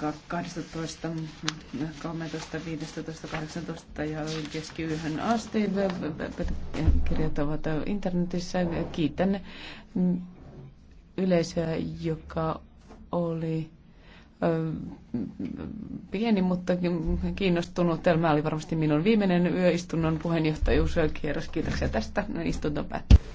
12, 13, 15, 18 ja keskiyöhön asti. Kirjat ovat internetissä. Kiitän yleisöä, joka oli pieni, mutta kiinnostunut. Tämä oli varmasti minun viimeinen yöistunnon puheenjohtajuuskierros. Kiitoksia tästä. No, istunto päättyy.